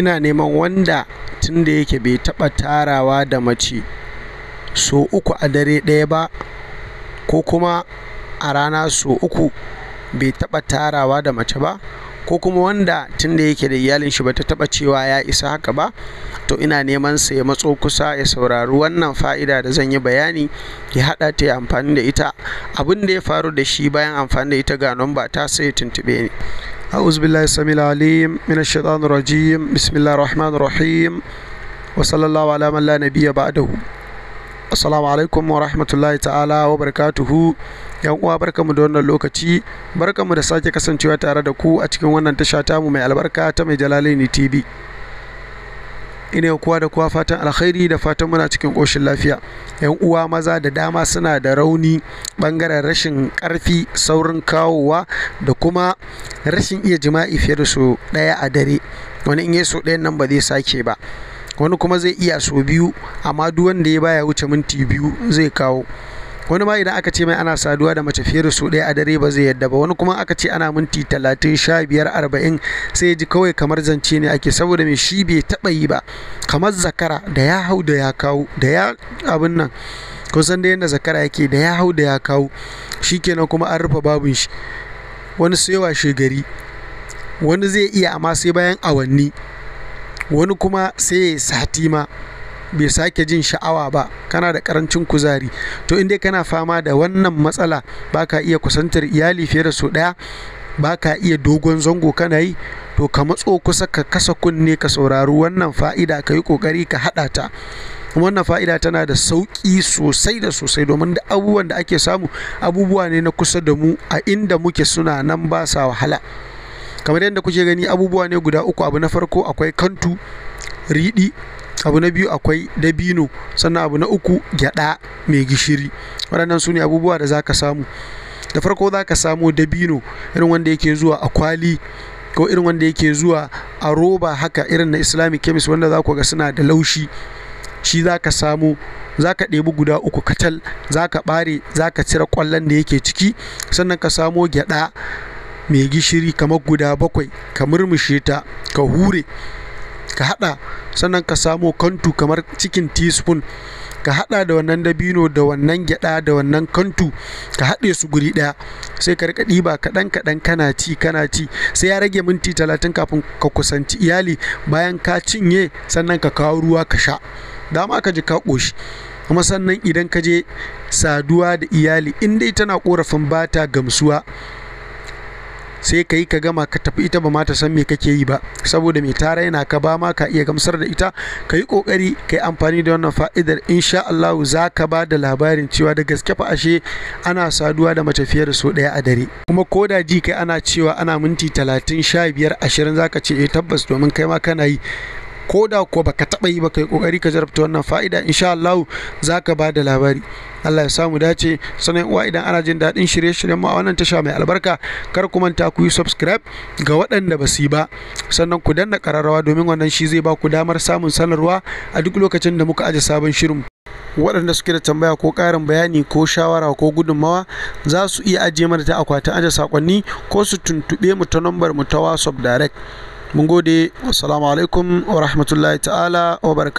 ina neman wanda tun da yake bai taɓa tarawa da mace so uku a dare ɗaya ba ko kuma a rana so uku bai taba tarawa da mace ba ko kuma wanda tun da yake da iyalin shi bata taba cewa ya isa haka ba to ina neman sa ya matso kusa ya saurari wannan fa'ida da zan yi bayani ya haɗa ta ya amfani da ita abin da ya faru da shi bayan amfani da ita ga nan ba ta sai ya tuntube ni أعوذ بالله السميع العليم من الشيطان الرجيم بسم الله الرحمن الرحيم وصلى الله على من لا نبي بعده السلام عليكم ورحمة الله تعالى وبركاته barakatuhu yan uwa barkamu da wannan lokaci barkamu da sake kasancewa tare da ku a cikin wannan tasha tamu mai albarka ta mai jalalaini tv ina kowa da kowa fatan alkhairi da fatan muna cikin ƙoshin lafiya yan uwa maza da dama suna da rauni ɓangaren rashin ƙarfi saurin kawowa da kuma rashin iya jima'i fiye da su ɗaya a dare wani in yi so ɗayan nan ba zai sake ba wani kuma zai iya so biyu amma duk wanda ya baya wuce minti biyu zai kawo wani ma idan aka ce mai ana saduwa da mace fiye da su ɗaya a dare ba zai yadda ba wani kuma aka ce ana minti talatin sha biyar arba'in sai ji kawai kamar zance ne ake saboda mai shi bai taɓa yi ba kamar zakara da ya hau da ya kawo da ya abin nan kusan da yadda zakara yake da ya hau da ya kawo shikenan kuma an rufe babin shi wani sai shegari wani zai iya amma sai bayan awanni wani kuma sai sati ma bai sake jin sha'awa ba kana da karancin kuzari to in dai kana fama da wannan matsala baka iya kusantar iyali fiye da su ɗaya baka iya dogon zango kana yi to ka matso kusa ka kasa kunne ka saurari wannan fa'ida ka yi kokari ka haɗa ta wannan fa'ida tana da sauƙi sosai da sosai domin da abubuwan da ake samu abubuwa ne na kusa da mu a inda muke suna nan ba sa wahala kamar yadda kuke gani abubuwa ne guda uku abu na farko akwai kantu riɗi abu na biyu akwai dabino sannan abu na uku gyada mai gishiri waɗannan su ne abubuwa da za ka samu da farko za ka samo dabino irin wanda yake zuwa a kwali ko irin wanda yake zuwa a roba haka irin na islamic chemist wanda za ku ga suna da laushi shi za ka samo za ka ɗebi guda uku kacal za ka ɓare za ka cire ƙwallon da yake ciki sannan ka samo gyada mai gishiri kamar guda bakwai ka murmushe ta ka hure ka hada sannan ka samo kantu kamar cikin teaspoon ka hada da wannan dabino da wannan gyada da wannan kantu ka haɗe su guri ɗaya sai ka rika ɗiba kaɗan kaɗan kana ci kana ci sai ya rage minti talatin kafin ka kusanci iyali bayan ka cinye sannan ka kawo ruwa ka sha dama ka ji ka ƙoshi kuma sannan idan ka je saduwa da iyali in dai tana korafin bata gamsuwa sai ka yi ka gama ka tafi ita ba ma ta san me kake yi ba saboda mai tara yana ka ba ma ka iya gamsar da ita ka yi kokari ka yi amfani da wannan fa'idar insha Allah za ka ba da labarin cewa da gaske fa ashe ana saduwa da matafiyar fiye da so ɗaya a dare kuma ko da ji kai ana cewa ana minti talatin sha biyar ashirin za ka ce eh tabbas domin kai ma kana yi ko da kuwa baka taɓa yi ba kai kokari ka jarabta wannan fa'ida insha Allah za ka ba da labari Allah ya samu dace sanan uwa idan ana jin daɗin shirye-shiryen mu a wannan tasha mai albarka kar ku manta ku yi subscribe ga waɗanda ba su yi ba sannan ku danna ƙararrawa domin wannan shi zai ba ku damar samun sanarwa a duk lokacin da muka aje sabon shirin waɗanda suke da tambaya ko ƙarin bayani ko shawara ko gudunmawa za su iya ajiye mana ta akwatin ajiye sakonni ko su tuntuɓe mu ta nambar mu ta WhatsApp direct mun gode assalamu alaikum wa rahmatullahi ta'ala wa barka